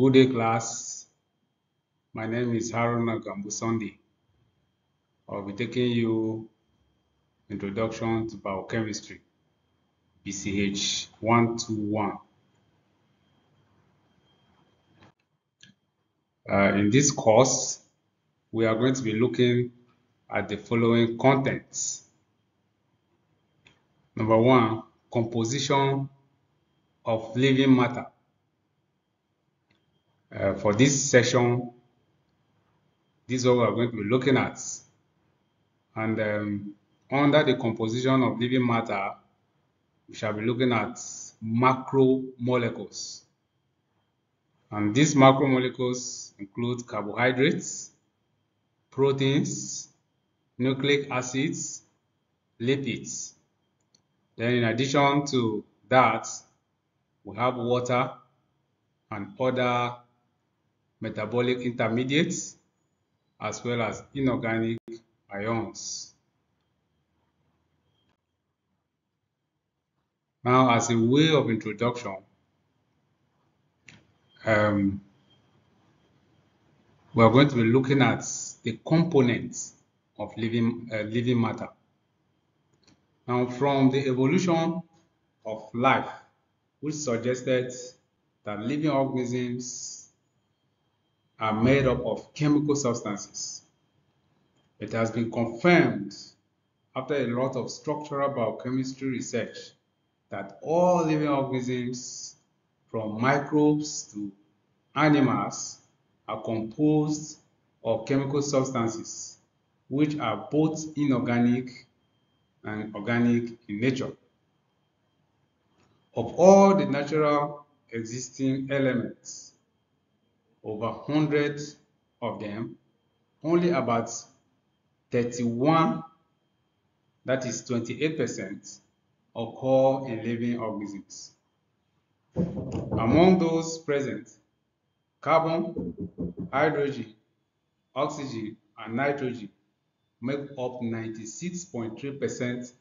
Good day, class. My name is Haruna Gambusondi. I'll be taking you Introduction to Biochemistry, BCH 121. Uh, in this course, we are going to be looking at the following contents. Number one, composition of living matter. Uh, for this session, this is what we're going to be looking at. And um, under the composition of living matter, we shall be looking at macromolecules. And these macromolecules include carbohydrates, proteins, nucleic acids, lipids. Then in addition to that, we have water and other metabolic intermediates, as well as inorganic ions. Now, as a way of introduction, um, we are going to be looking at the components of living, uh, living matter. Now, from the evolution of life, which suggested that living organisms are made up of chemical substances. It has been confirmed after a lot of structural biochemistry research that all living organisms from microbes to animals are composed of chemical substances which are both inorganic and organic in nature. Of all the natural existing elements, over hundreds of them, only about 31, that is 28%, occur in living organisms. Among those present, carbon, hydrogen, oxygen, and nitrogen make up 96.3%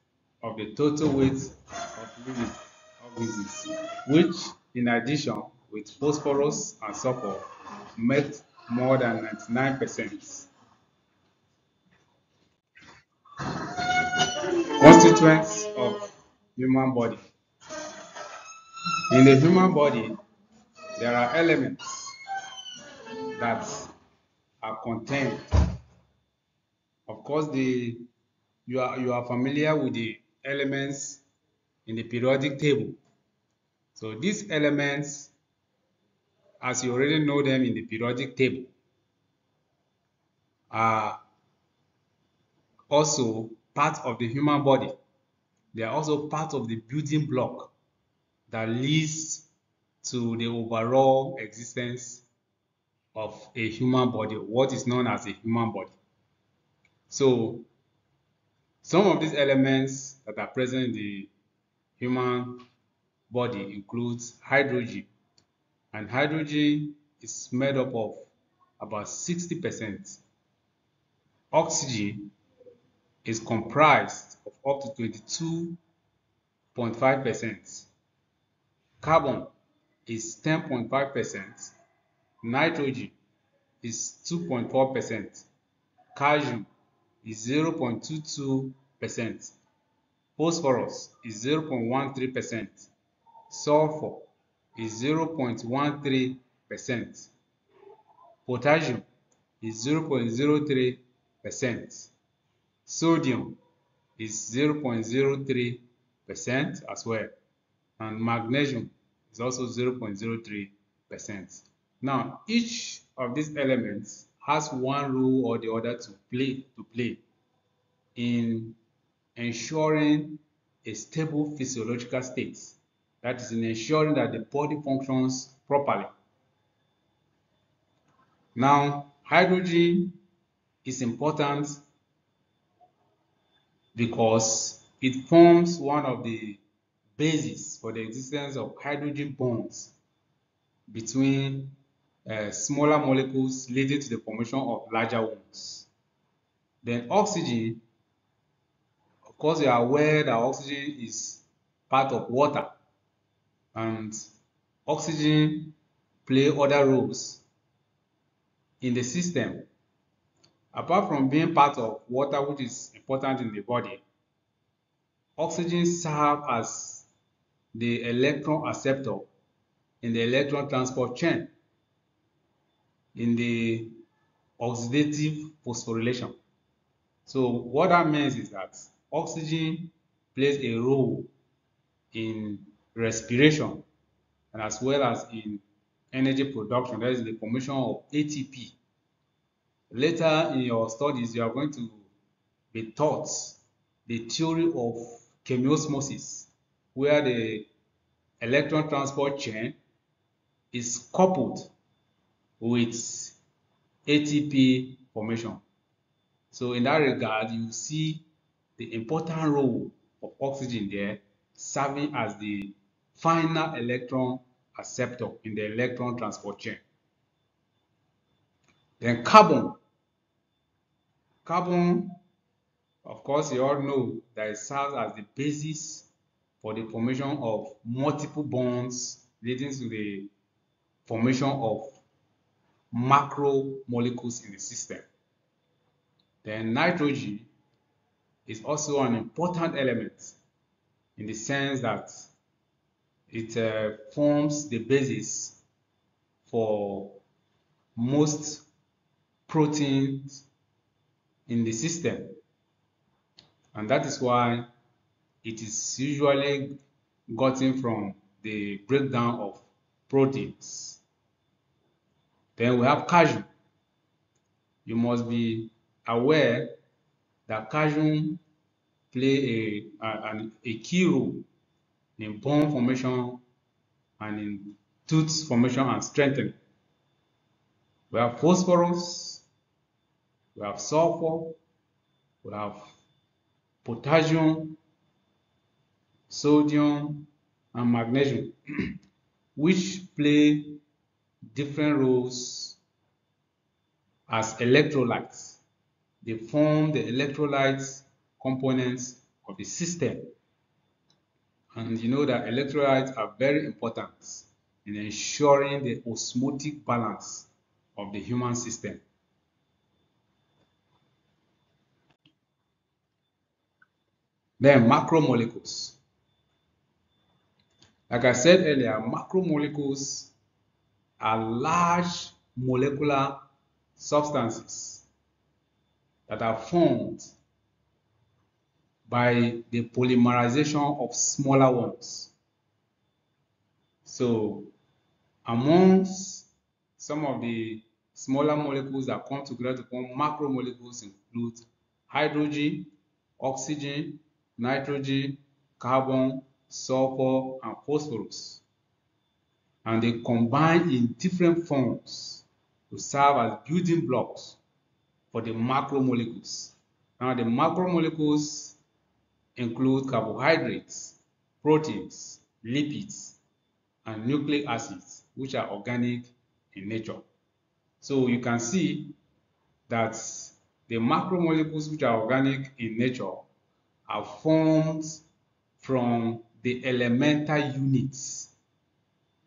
of the total weight of living organisms, which, in addition with phosphorus and sulfur, met more than 99%. Constituents of human body. In the human body, there are elements that are contained. Of course, the you are you are familiar with the elements in the periodic table. So these elements as you already know them in the periodic table, are also part of the human body. They are also part of the building block that leads to the overall existence of a human body, what is known as a human body. So some of these elements that are present in the human body includes hydrogen, and hydrogen is made up of about 60%. Oxygen is comprised of up to 22.5%. Carbon is 10.5%. Nitrogen is 2.4%. Calcium is 0.22%. Phosphorus is 0.13%. Sulfur is 0.13%. Potassium is 0.03%. Sodium is 0.03% as well. And magnesium is also 0.03%. Now, each of these elements has one role or the other to play to play in ensuring a stable physiological state that is in ensuring that the body functions properly. Now, hydrogen is important because it forms one of the bases for the existence of hydrogen bonds between uh, smaller molecules leading to the formation of larger ones. Then oxygen, of course you are aware that oxygen is part of water and oxygen play other roles in the system. Apart from being part of water, which is important in the body, oxygen serves as the electron acceptor in the electron transport chain in the oxidative phosphorylation. So what that means is that oxygen plays a role in respiration, and as well as in energy production, that is the formation of ATP. Later in your studies, you are going to be taught the theory of chemiosmosis, where the electron transport chain is coupled with ATP formation. So in that regard, you see the important role of oxygen there serving as the final electron acceptor in the electron transport chain. Then carbon. Carbon, of course, you all know that it serves as the basis for the formation of multiple bonds leading to the formation of macromolecules in the system. Then nitrogen is also an important element in the sense that it uh, forms the basis for most proteins in the system. And that is why it is usually gotten from the breakdown of proteins. Then we have calcium. You must be aware that calcium play a, a, a key role in bone formation and in tooth formation and strengthening. We have phosphorus, we have sulfur, we have potassium, sodium, and magnesium, which play different roles as electrolytes. They form the electrolytes components of the system and you know that electrolytes are very important in ensuring the osmotic balance of the human system. Then macromolecules. Like I said earlier, macromolecules are large molecular substances that are formed by the polymerization of smaller ones. So amongst some of the smaller molecules that come together to form macromolecules include hydrogen, oxygen, nitrogen, carbon, sulfur, and phosphorus. And they combine in different forms to serve as building blocks for the macromolecules. Now the macromolecules include carbohydrates, proteins, lipids, and nucleic acids, which are organic in nature. So you can see that the macromolecules which are organic in nature are formed from the elemental units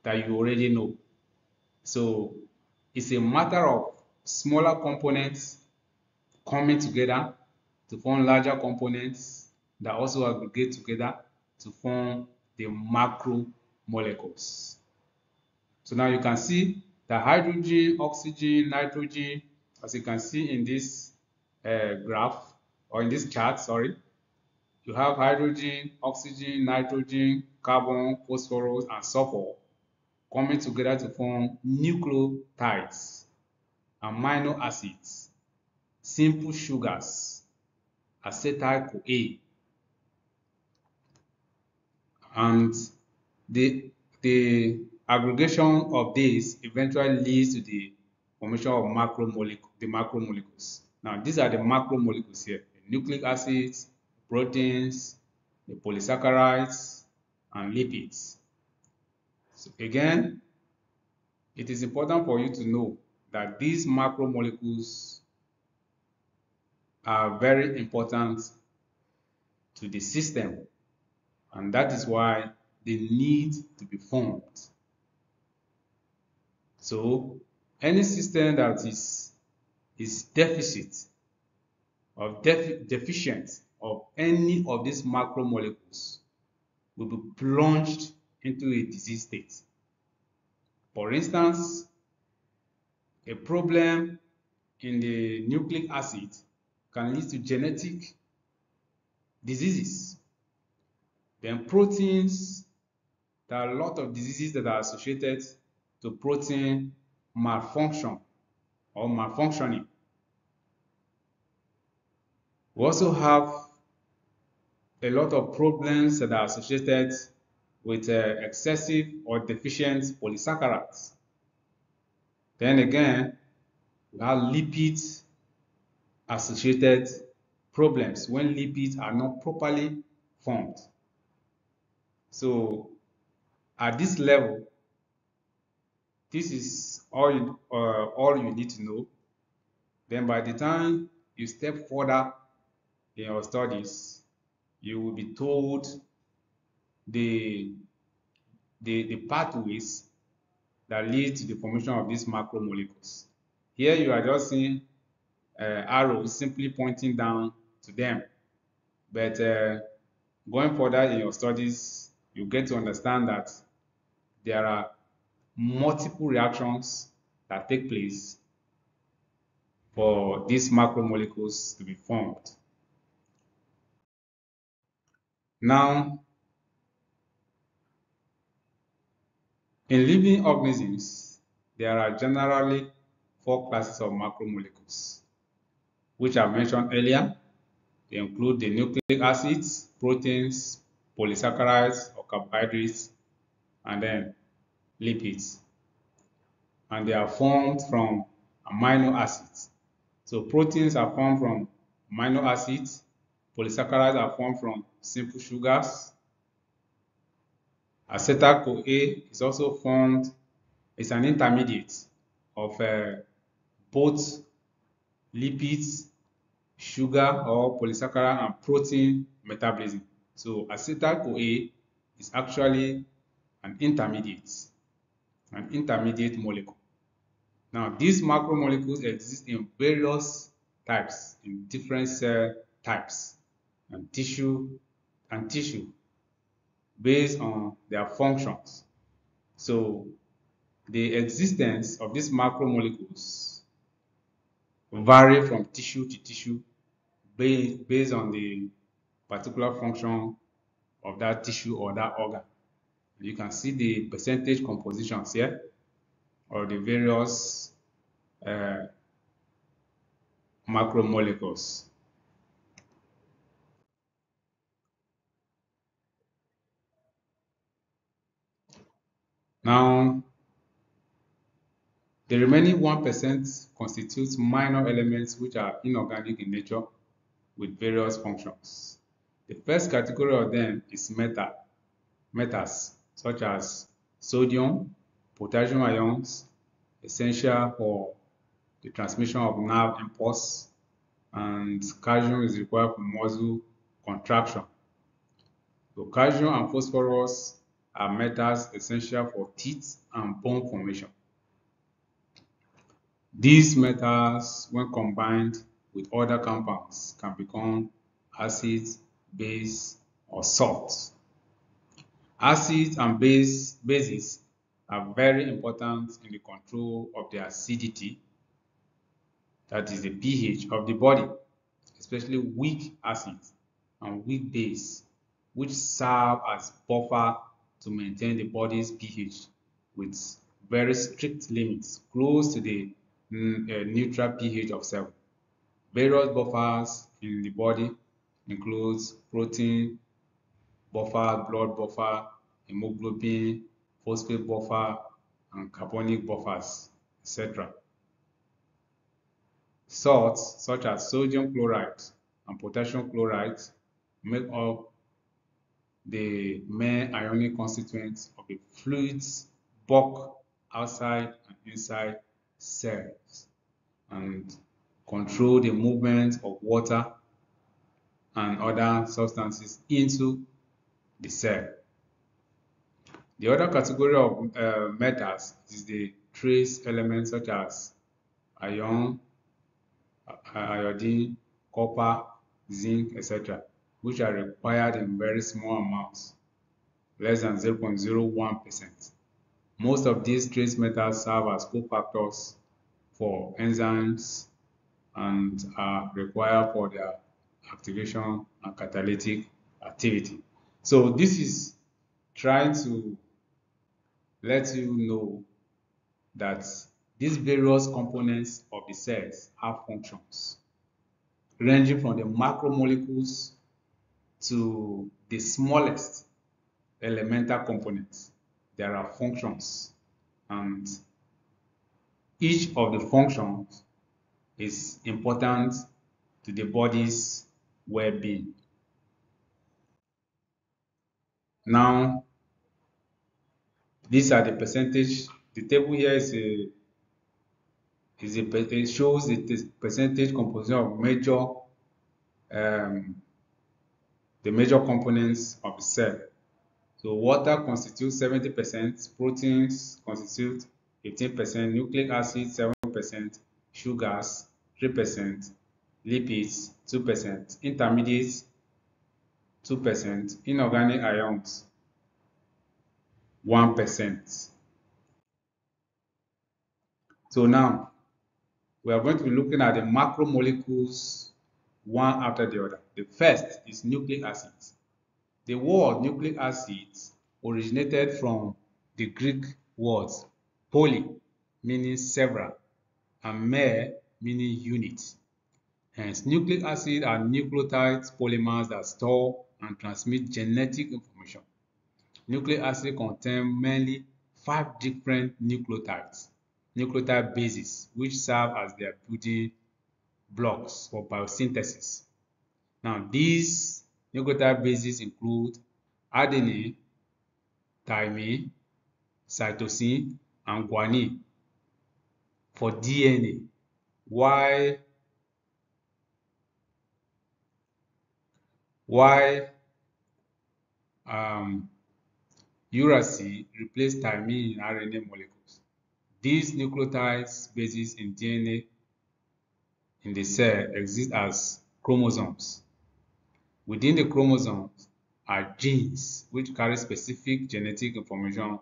that you already know. So it's a matter of smaller components coming together to form larger components that also aggregate together to form the macromolecules. So now you can see the hydrogen, oxygen, nitrogen, as you can see in this uh, graph or in this chart, sorry, you have hydrogen, oxygen, nitrogen, carbon, phosphorus, and sulfur coming together to form nucleotides, amino acids, simple sugars, acetyl-CoA, and the the aggregation of these eventually leads to the formation of macromolecule, the macromolecules. Now, these are the macromolecules here, the nucleic acids, proteins, the polysaccharides, and lipids. So again, it is important for you to know that these macromolecules are very important to the system and that is why they need to be formed. So any system that is, is deficit or deficient of any of these macromolecules will be plunged into a disease state. For instance, a problem in the nucleic acid can lead to genetic diseases then proteins, there are a lot of diseases that are associated to protein malfunction or malfunctioning. We also have a lot of problems that are associated with uh, excessive or deficient polysaccharides. Then again, we have lipid associated problems when lipids are not properly formed. So at this level, this is all you, uh, all you need to know. Then by the time you step further in your studies, you will be told the, the, the pathways that lead to the formation of these macromolecules. Here you are just seeing uh, arrows simply pointing down to them. But uh, going further in your studies, you get to understand that there are multiple reactions that take place for these macromolecules to be formed. Now, in living organisms, there are generally four classes of macromolecules, which I mentioned earlier. They include the nucleic acids, proteins, polysaccharides or carbohydrates, and then lipids. And they are formed from amino acids. So proteins are formed from amino acids, polysaccharides are formed from simple sugars, acetyl-CoA is also formed, it's an intermediate of uh, both lipids, sugar or polysaccharide and protein metabolism. So acetyl-CoA is actually an intermediate, an intermediate molecule. Now, these macromolecules exist in various types, in different cell types and tissue and tissue based on their functions. So the existence of these macromolecules vary from tissue to tissue based, based on the particular function of that tissue or that organ. you can see the percentage compositions here or the various uh, macromolecules. Now, the remaining 1% constitutes minor elements which are inorganic in nature with various functions. The first category of them is metals such as sodium, potassium ions, essential for the transmission of nerve impulse, and calcium is required for muscle contraction. So calcium and phosphorus are metals essential for teeth and bone formation. These metals, when combined with other compounds, can become acids base, or salts. Acids and base, bases are very important in the control of the acidity, that is the pH of the body, especially weak acids and weak base, which serve as buffer to maintain the body's pH with very strict limits, close to the uh, neutral pH of 7. Various buffers in the body includes protein buffer, blood buffer, hemoglobin, phosphate buffer, and carbonic buffers, etc. Salts such as sodium chloride and potassium chloride make up the main ionic constituents of the fluids bulk outside and inside cells and control the movement of water and other substances into the cell. The other category of uh, metals is the trace elements such as iron, uh, iodine, copper, zinc, etc., which are required in very small amounts, less than 0.01%. Most of these trace metals serve as cofactors for enzymes and are required for their activation and catalytic activity. So this is trying to let you know that these various components of the cells have functions ranging from the macromolecules to the smallest elemental components. There are functions and each of the functions is important to the body's well being. Now, these are the percentage. The table here is a, is a it shows the percentage composition of major um, the major components of the cell. So water constitutes 70%, proteins constitute 15%, nucleic acid 7%, sugars 3%, lipids 2%, intermediates 2%, inorganic ions 1%. So now, we are going to be looking at the macromolecules one after the other. The first is nucleic acids. The word nucleic acids originated from the Greek words poly, meaning several, and "mer," meaning unit. Hence, nucleic acids are nucleotides polymers that store and transmit genetic information. Nucleic acids contain mainly five different nucleotides, nucleotide bases, which serve as their building blocks for biosynthesis. Now, these nucleotide bases include adenine, thymine, cytosine, and guanine for DNA, while why um, uracil replaces thymine in RNA molecules. These nucleotides bases in DNA in the cell exist as chromosomes. Within the chromosomes are genes which carry specific genetic information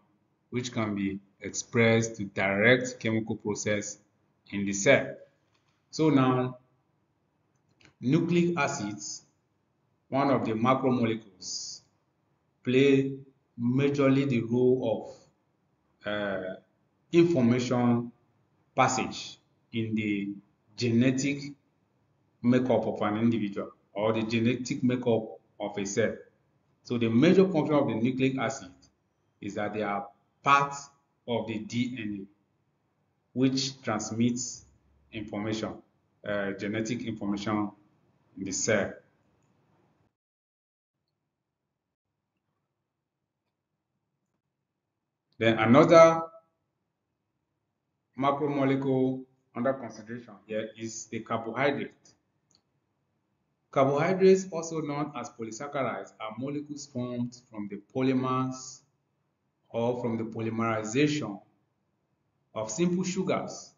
which can be expressed to direct chemical process in the cell. So now, nucleic acids one of the macromolecules, play majorly the role of uh, information passage in the genetic makeup of an individual or the genetic makeup of a cell. So the major function of the nucleic acid is that they are part of the DNA which transmits information, uh, genetic information in the cell. Then another macromolecule under consideration here is the carbohydrate. Carbohydrates, also known as polysaccharides, are molecules formed from the polymers or from the polymerization of simple sugars.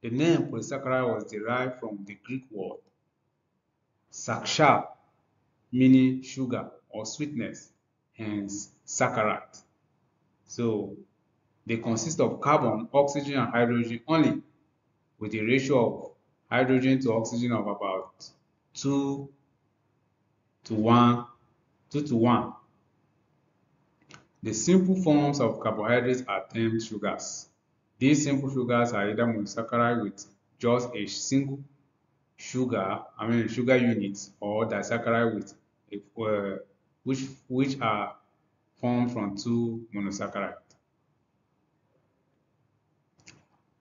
The name polysaccharide was derived from the Greek word saksha, meaning sugar or sweetness, hence saccharide. So they consist of carbon, oxygen, and hydrogen only, with a ratio of hydrogen to oxygen of about 2 to 1, 2 to 1. The simple forms of carbohydrates are termed sugars. These simple sugars are either monosaccharide with just a single sugar, I mean sugar unit, or disaccharide with, uh, which, which are formed from two monosaccharides.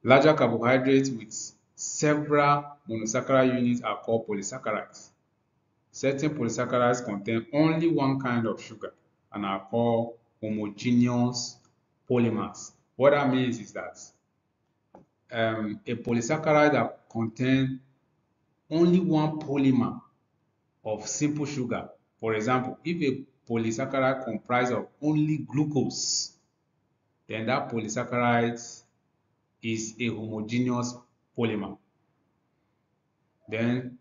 Larger carbohydrates with several monosaccharide units are called polysaccharides. Certain polysaccharides contain only one kind of sugar and are called homogeneous polymers. What that means is that um, a polysaccharide that contains only one polymer of simple sugar. For example, if a polysaccharide comprised of only glucose, then that polysaccharide is a homogeneous polymer. Then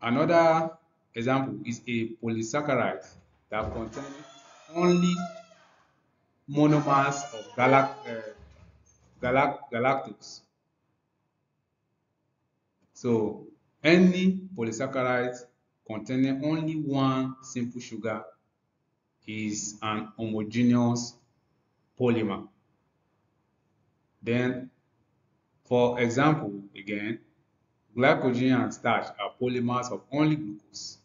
another example is a polysaccharide that contains only monomers of galact uh, eh, galact galactose. So any polysaccharide containing only one simple sugar is an homogeneous polymer. Then, for example, again, glycogen and starch are polymers of only glucose.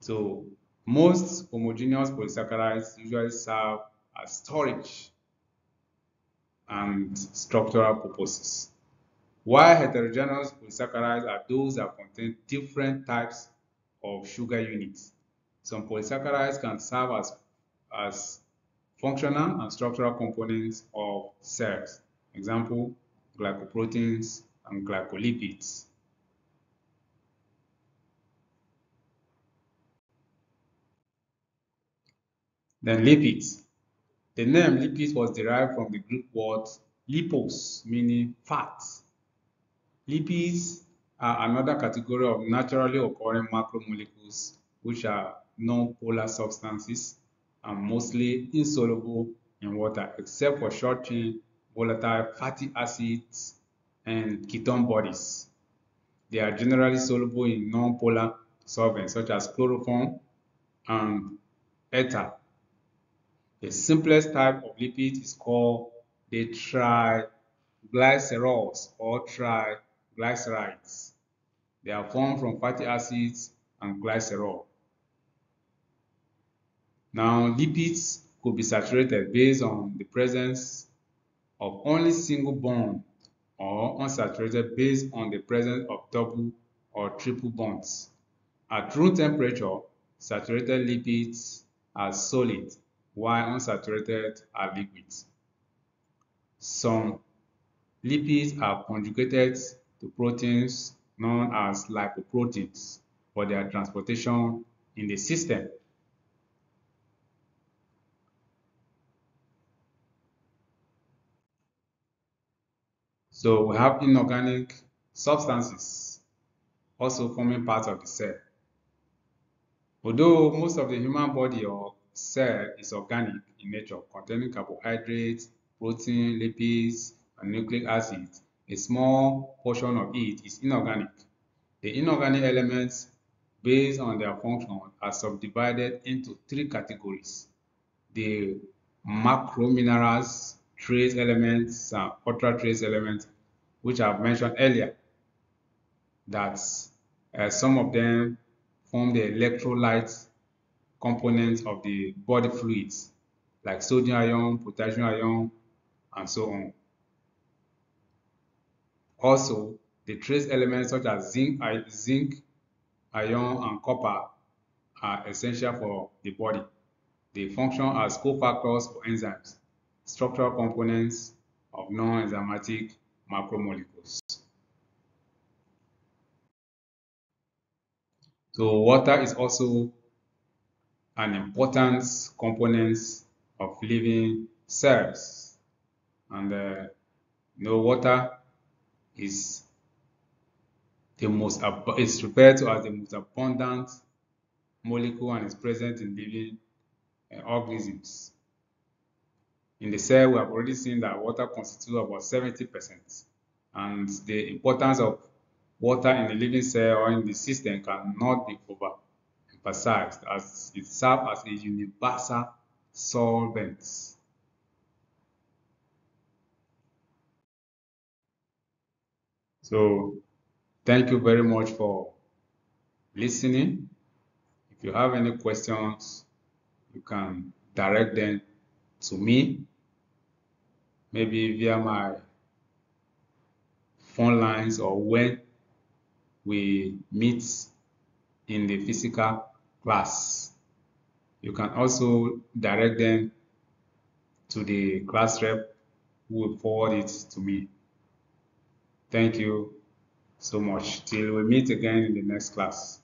So, most homogeneous polysaccharides usually serve as storage and structural purposes. While heterogeneous polysaccharides are those that contain different types of sugar units some polysaccharides can serve as, as functional and structural components of cells. Example, glycoproteins and glycolipids. Then lipids. The name lipids was derived from the Greek word lipos, meaning fat. Lipids are another category of naturally occurring macromolecules which are non-polar substances are mostly insoluble in water, except for short-chain volatile fatty acids and ketone bodies. They are generally soluble in non-polar solvents such as chloroform and ether. The simplest type of lipid is called the triglycerols or triglycerides. They are formed from fatty acids and glycerol. Now, lipids could be saturated based on the presence of only single bond or unsaturated based on the presence of double or triple bonds. At room temperature, saturated lipids are solid while unsaturated are liquids. Some lipids are conjugated to proteins known as lipoproteins for their transportation in the system. So we have inorganic substances also forming part of the cell. Although most of the human body or cell is organic in nature, containing carbohydrates, protein, lipids, and nucleic acids, a small portion of it is inorganic. The inorganic elements, based on their function, are subdivided into three categories. The macrominerals, trace elements, ultra trace elements, which I've mentioned earlier, that uh, some of them form the electrolyte components of the body fluids, like sodium ion, potassium ion, and so on. Also, the trace elements such as zinc, zinc, iron, and copper are essential for the body. They function as cofactors for enzymes structural components of non-enzymatic macromolecules. So water is also an important component of living cells. And uh, you know, water is the most is referred to as the most abundant molecule and is present in living uh, organisms in the cell, we have already seen that water constitutes about 70%. And the importance of water in the living cell or in the system cannot be overemphasized as it serves as a universal solvent. So thank you very much for listening. If you have any questions, you can direct them to me, maybe via my phone lines or when we meet in the physical class. You can also direct them to the class rep who will forward it to me. Thank you so much. Till we meet again in the next class.